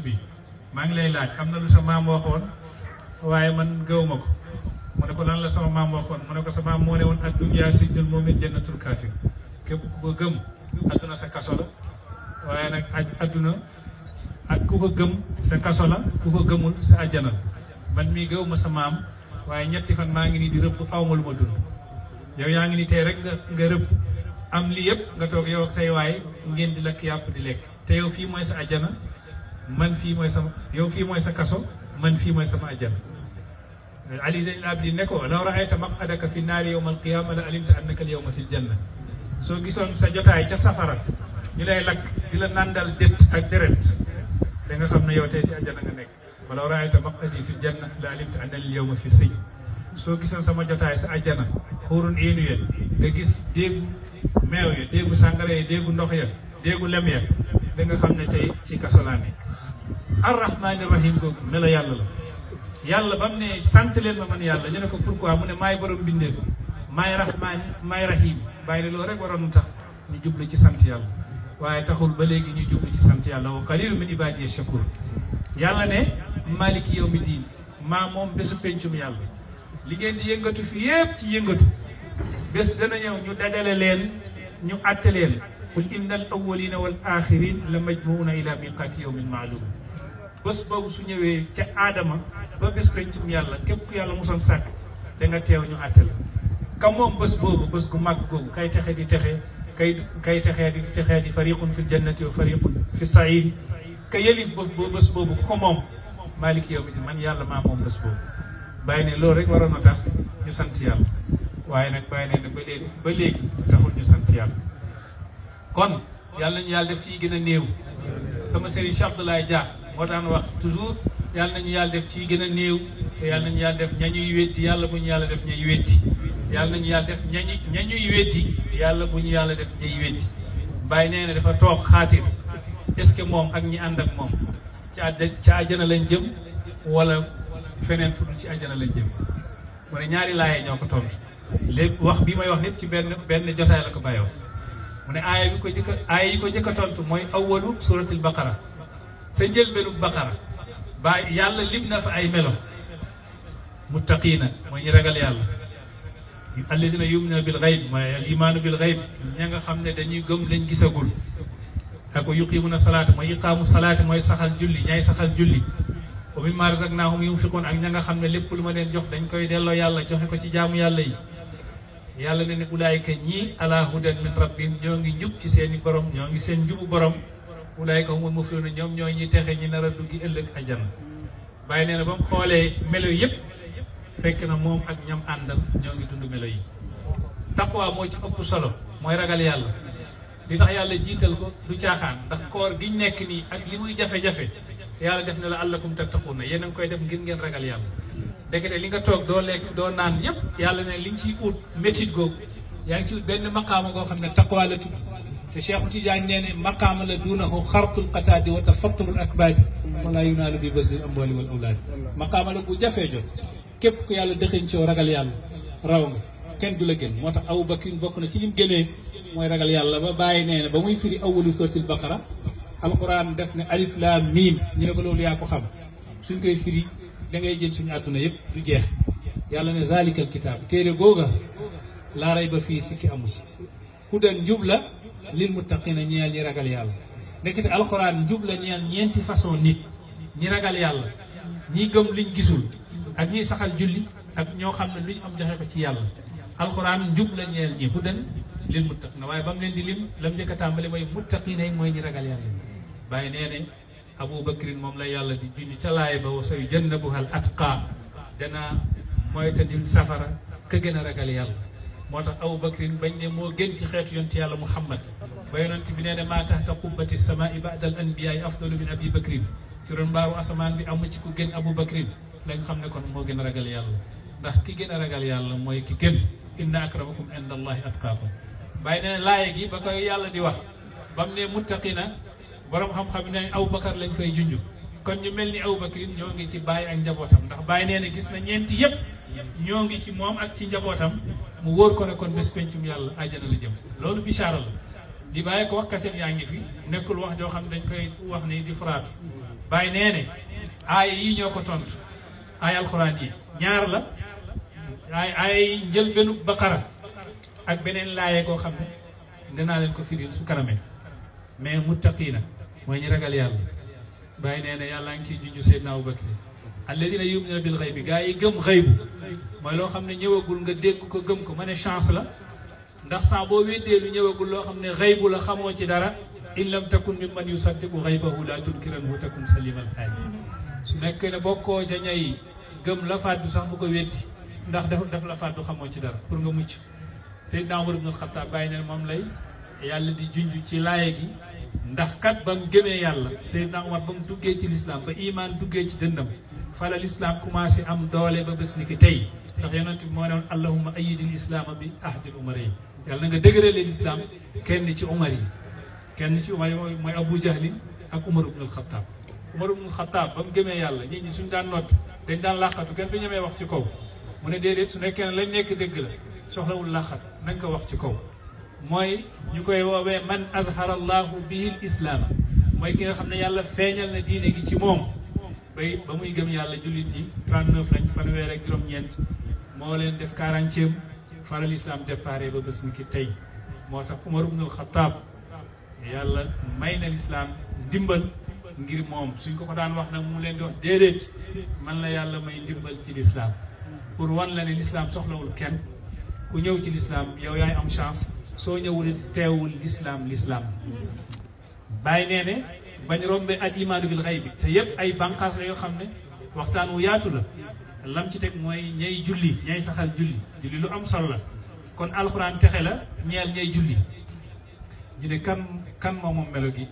bi maa ngi lay laaj xamna lu sa mam waxon waye man gëw ma ko lan la sama mam waxon mu ko sa ak dunya sidul mu'min jannatul kafir kep ku ko gëm adduna sa kaso la waaye nag aj ak ku ko gëm sa kaso la ku ko gëmul sa aljana man mi gëw ma sa mam waye ñetti fan ma ngi ni di repp aw ma dund yow yaa ngi ni tay rek nga nga repp am li yeb nga tok yow ak say ngeen di lak yap di lek te yow fi moy sa aljana man fii mooy sama yow fii mooy sa kaso man fii mooy sama ajjana ali zeynal abidin ne ko law raayta maqadaka fi naari yowma alqiyama la alimta annaka al yowma fi ljanna soo gisoon sa jotaay ca safara ñu lay lakk di la nandal dét ak deret xam ne yow tey si ajjana nga nekk walaw raayta maqadi fi ljanna fi sijn soo gisoon sama jotaay sa ajjana xuurun iinu ya nga gis déegu meew ya déegu sàngara ya déegu ndox ya déegu lem ya da nga xam ne tey ci kaso laa nekk arrahmaani rahim yàlla la yàlla ba mu ne sant leen ma man yàlla ñu ne ko pourquoi mu ne maay borom bindee ko maay rahmaani maay rahim bàyyi loolu rek waroon tax ñu jublu ci sant yàlla waaye taxul ba léegi ñu jublu ci sant yàlla wa qalilu min ibadiya shakur yàlla ne maliki yow diin maa moom bésu pencum yàlla li ngeen yëngatu fi yépp ci yëngatu bés dana ñëw ñu dajale leen ñu àtte leen قل إن الأولين والآخرين لمجموعون إلى ميقات يوم معلوم بس بو سنيو تا ادم با بس كنتم يالا كيب يالا موسان ساك داغا تيو ني اتل كاموم بس بو بس كو ماك كو كاي تخي دي تخي كاي كاي تخي دي تخي دي فريق في الجنه وفريق في السعير كاي يلي بس بو بس بو كوموم مالك يوم الدين من يالا ما موم بس بو بايني لو ريك ورانا تاخ ني سانت يالا واي نك بايني دا بليك بليك تاخو ني سانت يالا kon yàlla nañu yàlla def ci gën a néew sama sëriñ Cheikh Abdoulaye Dia moo daan wax toujours yàlla nañu yàlla def ci gën a néew te yàlla nañu def ñañuy weddi yàlla bu ñu yàlla def ñay weddi yàlla nañu yàlla def ñañu ñañuy weddi yàlla bu ñu yàlla def ñay weddi bàyyi nee ne dafa toog xaatir est-ce que moom ak ñi ànd ak moom ci àjj ci àjjana lañ jëm wala feneen fu ci àjjana lañ jëm mu ne ñaari laayee ñoo ko tontu léegi wax bi may wax lépp ci benn benn jotaay la ko bàyyoo mu ne aaya bi ko jëkk aaya yi ko jëkk a mooy awwalu suratul baqara sa njëlbéenu baqara ba yàlla lim na fa ay melo muttaqiina mooy ñu ragal yàlla alladina yumina bil xayb mooy al imaanu bil xayb ña nga xam ne dañuy gëm lañ gisagul ak yuqiimuna salaata mooy iqaamu salaata mooy saxal julli ñaay saxal julli wa mimma razaqnaahum yunfiquun ak ña nga xam ne lépp lu ma leen jox dañ koy delloo yàlla joxe ko ci jaamu yàlla yi yàlla ne ne ulaayka ñii ala hudan min rabbihim ñoo ngi njub ci seeni i borom ñoo ngi seen njubu borom ulaayka humul muflihun ñoom ñoo ñi texe ñi nar a duggi ëllëg ajana bàyyi nee na ba mu xoolee melo yëpp fekk na moom ak ñam àndal ñoo ngi dund melo yi taqwa moo ci ëpp solo mooy ragal yàlla li tax yàlla jiital ko du caaxaan ndax koor ñu nekk nii ak li muy jafe-jafe yàlla def na la allakum tattaquuna yéen a ngi koy def ngir ngeen ragal yàlla ndekete li nga toog doo lekk doo naan yëpp yàlla ne li ci out métit gog yaa ngi ci ben maqam go xamné taqwa la tud te cheikh Tidiane nee ne maqaama la duunahu xartul qatad wa tafattul akbad wala yunalu bi basil amwali wal awlad maqam la bu jafé jot képp ko yàlla dëxëñ ci ragal yàlla raw nga kenn du la gën motax abou aw bakkin bokk na ci lim gëné moy ragal yàlla ba bàyyi nee ba muy firi awwalu sootil baqara alquran def ne alif laam miim ñu ne ko loolu yaa ko xam suñ koy firi da ngay jël suñu àdduna yëpp du jeex yàlla ne zalikal kitaab téere googa laa ba fii sikki amu si hudan njub la lil muttaqina ñeel ñi ragal yàlla nekkati alxuraan njub la ñeel ñeenti façon nit ñi ragal yàlla ñi gëm liñ gisul ak ñi saxal julli ak ñoo xam ne luñ am joxe ko ci yàlla alquran njub la ñeel ñi lil muttaqina waaye ba mu leen di lim lam njëkk a tàmbali mooy muttaqina mooy ragal yàlla nee abu bakrin moom la yàlla di junni ca laay ba wa say jannabuhal atqa dana moytandil safara ka gën a ragal yàlla moo tax abu bakrin bañ ne moo gën ci xeetu yonent yàlla muhammad ba yonent bi nee ne maa taxta qubbati samaa'i ba'da al anbiya'i afdalu min abi bakrin ci ron mbaaru asamaan bi amu ci ku gën abu bakrin lañ xam ne kon moo gën a ragal ndax ki gën a ragal yàlla mooy ki gën inna akramakum inda allahi atqaakum bàyyi ne laaye gi ba koy yàlla di wax bam ne muttaqina borom xam-xam yi aw Aboubacar lañ fay junj kon ñu mel ni aw Aboubacar ñoo ngi ci bàyyi ak njabootam ndax Baye nee na gis na ñeenti yëpp ñoo ngi ci moom ak ci njabootam mu wóor ko ne kon bés pencum yàlla àjjana la jëm loolu bichaara la di bàyyi ko wax kaset yaa ngi fi nekkul wax joo xam ne dañ koy wax ni di faraatu nee ne aaya ko tontu aaya alxuraan ñaar la aay aay njël benn baqara ak beneen laayee koo xam ne dinaa leen ko firil su kanamee mais muttaqiina moy ñi ragal yàlla bay neena yàlla ngi ciy sayyidna Seydina Abubakar alladheena yuminuna bil xaybi gaa yi gëm xaybu moy lo xamne ñëwagul nga dégg ko gëm ko mané chance la ndax sa bo wété lu ñëwagul lo xamne ne la xamo ci dara in lam takun mimman yusaddiqu ghaibahu la tunkiran wa takun salimal xaaji su nekk ne bokko ci ñay gëm la fàddu sax bu ko wéti ndax def def la fàddu xamo ci dara pour nga mucc Seydina Umar ibnul khattab bay neena mom lay yàlla di junj ci laye gi ndax kat ba mu gëmee yàlla Seydina Omar ba mu duggee ci lislaam ba imaan duggee ci dëndam fala lislaam commencé am doole ba bés ni ki tey ndax yonent bi moo ne woon allahuma ayidil islaama bi ahdil umar yi yàlla na nga dëgëralee lislaam kenn ci umar yi kenn ci umar yi mooy abu jahlin ak umar ibn alxataab umar ibn alxataab ba mu gëmee yàlla nit ñi suñ daan nodd dañ daan làqatu kenn du ñemee wax ci kaw mu ne déedéet su nekkee ne lañ nekk dégg la soxlawul làqatu nañ ko wax ci kaw mooy ñu koy woowee man azhara allahu bihi l islaama mooy ki nga xam ne yàlla feeñal na diine gi ci moom bay ba muy gëm yàlla jullit ñi 39 lañ fanweer ak juróom-ñeent moo leen def quarantième faral islam déparé ba bés ni ki tey moo tax Umar ibn al-Khattab yàlla may na lislaam ndimbal ngir moom suñ ko ko daan wax nag mu leen di wax déedéet man la yàlla may ndimbal ci lislaam pour wan la ne lislaam soxlawul kenn ku ñëw ci lislaam yow yaay am chance soo ñëwul teewul l'islam l'islam bay néne bañ rombe al imaanu bil ghaib te yépp ay bankas la yo xamné ne yaatu la lam ci tek moy ñay julli ñay saxal julli julli lu am solo la kon alxuraan texe la ñeel ñay julli ñu ne kan kan mo mom melo gi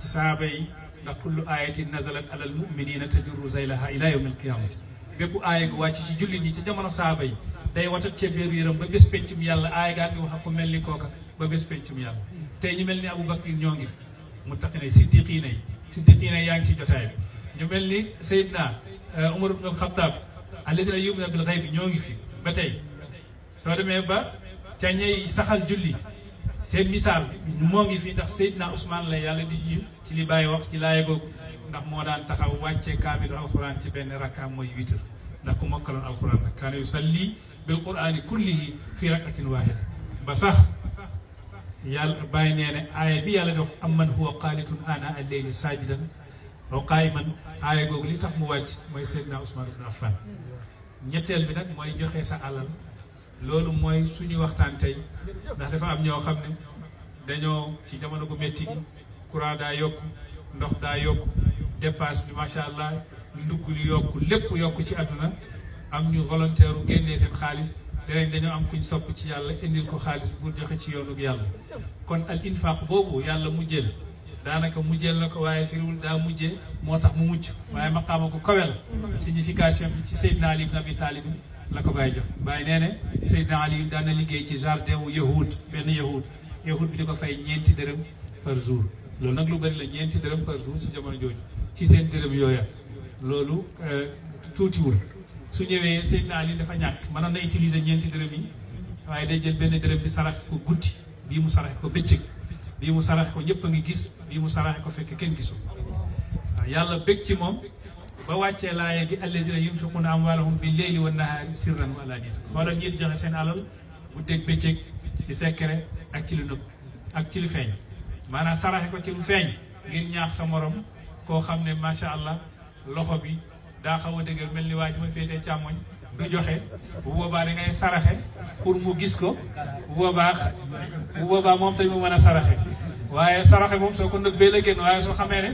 ci saaba yi ndax kullu ayatin nazalat alal muminina tajurru zailaha ila yawmi alqiyamati bépp aaya gu wàcc ci julli ñi ci jamono saaba yi day watat ci biir yëram ba bés pencum yàlla ay gaa ngi wax ko melni koka ba bés pencum yàlla tay ñu melni abou bakri ñongi ngi fi mu taqi ne siddiqiina yi ci jotay bi ñu melni sayyidna Umar ibn al-Khattab alladina yumina bil ghaib ñongi fi ba tey soo demee ba ca ñey saxal julli seen misaal mo ngi fi ndax sayyidna usman la yàlla di ñu ci li baye wax ci laye gog ndax mo daan taxaw wàcce kaamilu alquran ci benn rakkaam mooy witr ndax ku mokkaloon alquran kan kaana yusalli bil qur'ani kullihi fi rakatin wahida ba sax yàlla bàyyi nee ne aaya bi yàlla dox am man huwa qaanitun ana alleyli saajidan wa qaayiman aaya googu li tax mu wàcc mooy Seydina Ousmane na Affan ñetteel bi nag mooy joxe sa alal loolu mooy suñu waxtaan tey ndax dafa am ñoo xam ne dañoo ci jamono gu metti gi courant daa yokku ndox daa yokku dépasse bi macha allah ndugg li yokku lépp yokk ci àdduna am ñu volontaire u génnee seen xaalis léeg dañoo am kuñ sopp ci yàlla indil ko xaalis bu joxe ci yoonu yàlla kon al infaq boobu yàlla mu jël daanaka mu jël na ko waaye firiwul daa mujjee moo tax mu mucc waaye maqaama ko kawe signification bi ci Seydina Ali ibn Abi Talib la ko bàyyi jox bàyyi nee ne Seydina Ali daan na liggéey ci jardin wu yahud benn yahud yahud bi di ko fay ñeenti dërëm par jour loolu nag lu bëri la ñeenti dërëm par jour ci jamono jooju ci seen dërëm yooya loolu tuutiwul su ñëwee Seydina yi dafa ñàkk mënoon na utiliser ñeenti dërëm yi waaye day jël benn dërëm bi sarax ko guddi bii mu sarax ko bëccëg bii mu sarax ko ñëpp a ngi gis bii mu sarax ko fekk kenn gisul waaw yàlla bëgg ci moom ba wàccee laaya gi allazina yunfiquna amwalahum bi leyli wa nahaari sirran wa alaniyatan xoolal ñiit joxe seen alal bu dégg bëccëg ci secret ak ci lu nëbb ak ci lu feeñ maanaam saraxe ko ci lu feeñ ngir ñaax sa morom koo xam ne macha allah bi daa xaw a dëgër mel ni waa ma féetee càmmoñ du joxe bu boobaa da ngay saraxe pour mu gis ko bu boobaa bu boobaa moom tamit mu mën a saraxe waaye saraxe moom soo ko ndëg bee la génn waaye soo xamee ne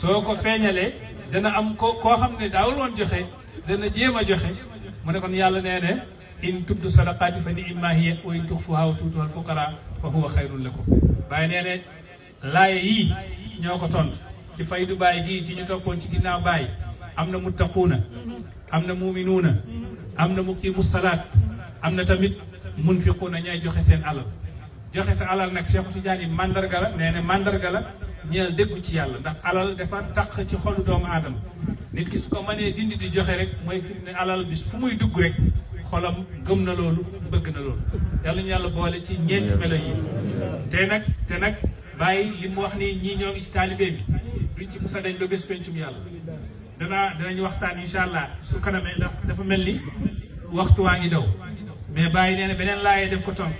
soo ko feeñalee dana am ko koo xam ne daawul woon joxe dana jéem a joxe mu nekkoon yàlla nee in tubdu sadaqaati fa ni imma hiya wa in tuxfuha wa tuutuha al fuqara fa huwa xayrun lakum waaye nee ne yii ñoo ko tontu ci faydu baay gii ci ñu toppoon ci ginnaaw baay am na muttaquuna am na muminuuna am na mu muqimu salaat am na tamit na ñay joxe seen alal joxe sa alal nag Cheikh Tidiane mandarga la nee na mandarga la ñeel déggu ci yàlla ndax alal dafa taq ci xolu doomu aadama nit ki su ko mënee dindi di joxe rek mooy fi ne alal bi fu muy dugg rek xolam gëm na loolu bëgg na loolu yàlla ñu yàlla boole ci ñeenti melo yi te nag te nag bàyyi li mu wax nii ñii ñoo ngi ci taalibe duñ ci musa dañ ba bés pencum yàlla danaa danañ waxtaan incha allah su kanamee ndax dafa mel ni waxtu waa ngi daw mais bàyyi nee na beneen laayee def ko tontu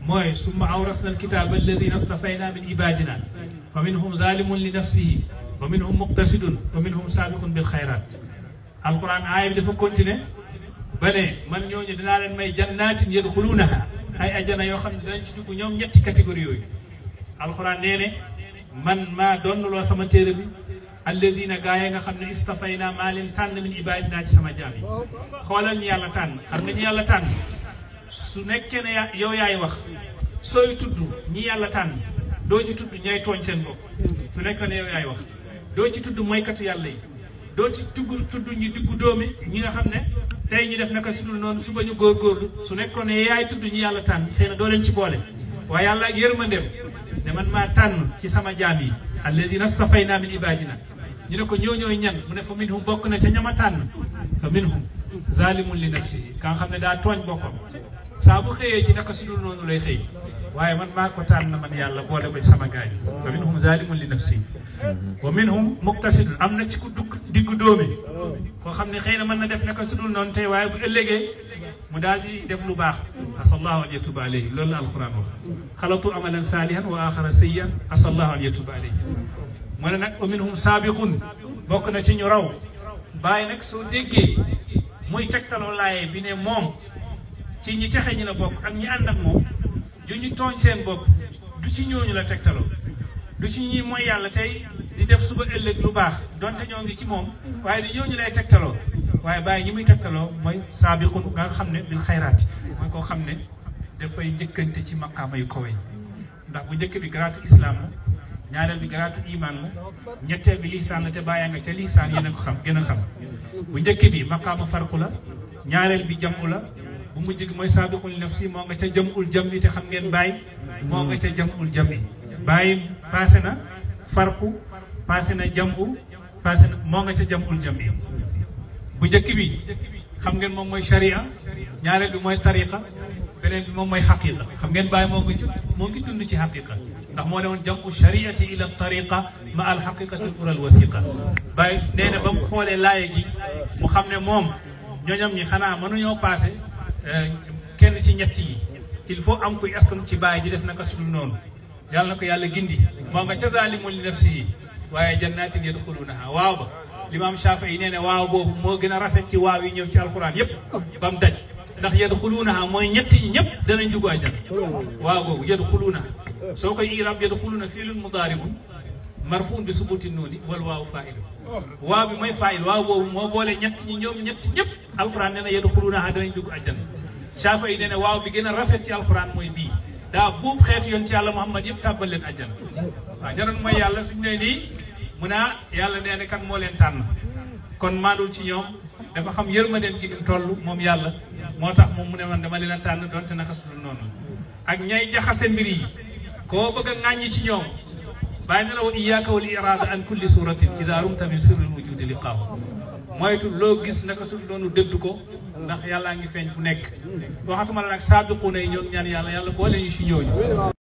mooy summa awrasna alkitaba alladina stafayna min ibadina fa minhum zalimun li nafsihi wa minhum muqtasidun wa minhum sabiqun bil xayrat alquran aaya bi dafa continuer ba ne man ñooñu dinaa leen may jannatin yadxulunaha ay ajana yoo xam ne danañ ci dugg ñoom ñetti catégorie yooyu alquran nee ne man maa loo sama téere bi alladina gaa yi nga xam ne istafayna maa leen tànn min ibadina ci sama jaam yi xoolal ñu yàlla tànn xam na ñu yàlla tànn su nekkee ne yow yaay wax sooy tudd ñi yàlla tànn doo ci tudd ñooy tooñ seen bopp su nekkee ne yow yaay wax doo ci tudd moykatu yàlla doo ci tugg tudd ñi diggu dóomi ñi nga xam ne tey ñu def naka su dul noonu suba ñu góorgóorlu su nekkoon ne yaay tudd ñi yàlla tànn xëy na doo leen ci boole waaye yàlla ak yërmandeem ne man maa tànn ci sama jaam yi alladina stafayna min ibadina ñu ne ko ñoo ñooy ñan mu ne fa minhum bokk na ca ñama tànn fa minhum zalimun li nafsihi ka nga ne daa tooñ boppam saa bu xëyee ci naka su dul noonu lay xëy waaye man maa ko tànn man yàlla boole ko ci sama gaañ fa minhum zalimun li nafsihi wa minhum muqtasidun am na ci ku dugg diggu dóomi xam ne xëy na mën na def naka su dul noonu tey waaye bu ëllëgee مدالي دبل باخ عسى الله ان يتوب عليه لولا القران وخا خلطوا عملا صالحا واخر سيئا عسى الله ان يتوب عليه من نك ومنهم سابق بوكنا شي نيو باي نك سو ديغي الله بي ني موم شي ني بوك ام ني اندك موم تون سين بوك دو شي نيو لا تكتالو دو شي ني موي يالا تاي باخ دونتي نيو شي موم واي دي waaye bàyyi ñi muy tegtaloo mooy saabiqun nga xam ne bil xayraati mooy koo xam ne dafay njëkkante ci maqaama yu kawe ndax bu njëkk bi garaatu islam la ñaareel bi garaatu iman la ñetteel bi lihsaan la te bàyyaa nga ca lihsaan yéen a ko xam gën a xam bu njëkk bi maqaama farqu la ñaareel bi jamu la bu mujj gi mooy saabiqul nafsi moo nga ca jamul jami te xam ngeen bàyyi moo nga ca jamul jami bàyyi passé na farqu passé na jamu passé na moo nga ca jamul jami bu njëkk bi xam ngeen moom mooy sharia ñaareel bi mooy tariqa beneen bi moom mooy xaqiqa xam ngeen bàyyi moo ngi moo ngi dund ci xaqiqa ndax moo ne woon jamu shariati ila tariqa ma al xaqiqati al ura al wasiqa bàyyi nee na ba mu xoolee laaye ji mu xam ne moom ñooñam ñi xanaa mënuñoo passé kenn ci ñett yi il faut am kuy askan ci bàyyi ji def naka sudul noonu yàlla na ko yàlla gindi moo nga ca zaalimun li nafsihi waaye jannatin yadxulunaha waaw ba limaam Shaafi'i nee na waaw boobu moo gën a rafet ci waaw yi ñëw ci alxuraan yëpp ba mu daj ndax yadxuluunaha mooy ñett yi ñëpp danañ dugg àjjana waaw boobu yadxuluunaha soo koy irab yadxuluuna fiilun mudaaribun marfuun bi subuti nuuni wal waaw faa'il mooy faa'il waaw boobu moo boole ñett ñi ñoom ñett ñëpp alxuraan nee na yadxuluunaha danañ dugg àjjana Shaafi'i nee waaw bi gën a rafet ci alxuraan mooy bii daa buub xeetu yoon ci yàlla Muhammad yëpp tàbbal leen àjjana waaw jaroon yàlla suñu nee nii mu ne ah yàlla nee na kan moo leen tànn kon maandul ci ñoom dafa xam yërmandeen gi ñu toll moom yàlla moo tax moom mu ne man dama leen a tànn donte naka su dul noonu ak ñay jaxase mbir yi koo bëgg a ŋàññi ci ñoom bàyyi na la wa iyaaka wal iraada an kulli suratin ida rumta min sirril wujudi liqaahu moytu loo gis naka su doonu dëdd ko ndax yàllaa ngi feeñ fu nekk waxatuma la nag saabiquuna yi ñoom ñaan yàlla yàlla boole ñu si ñooñu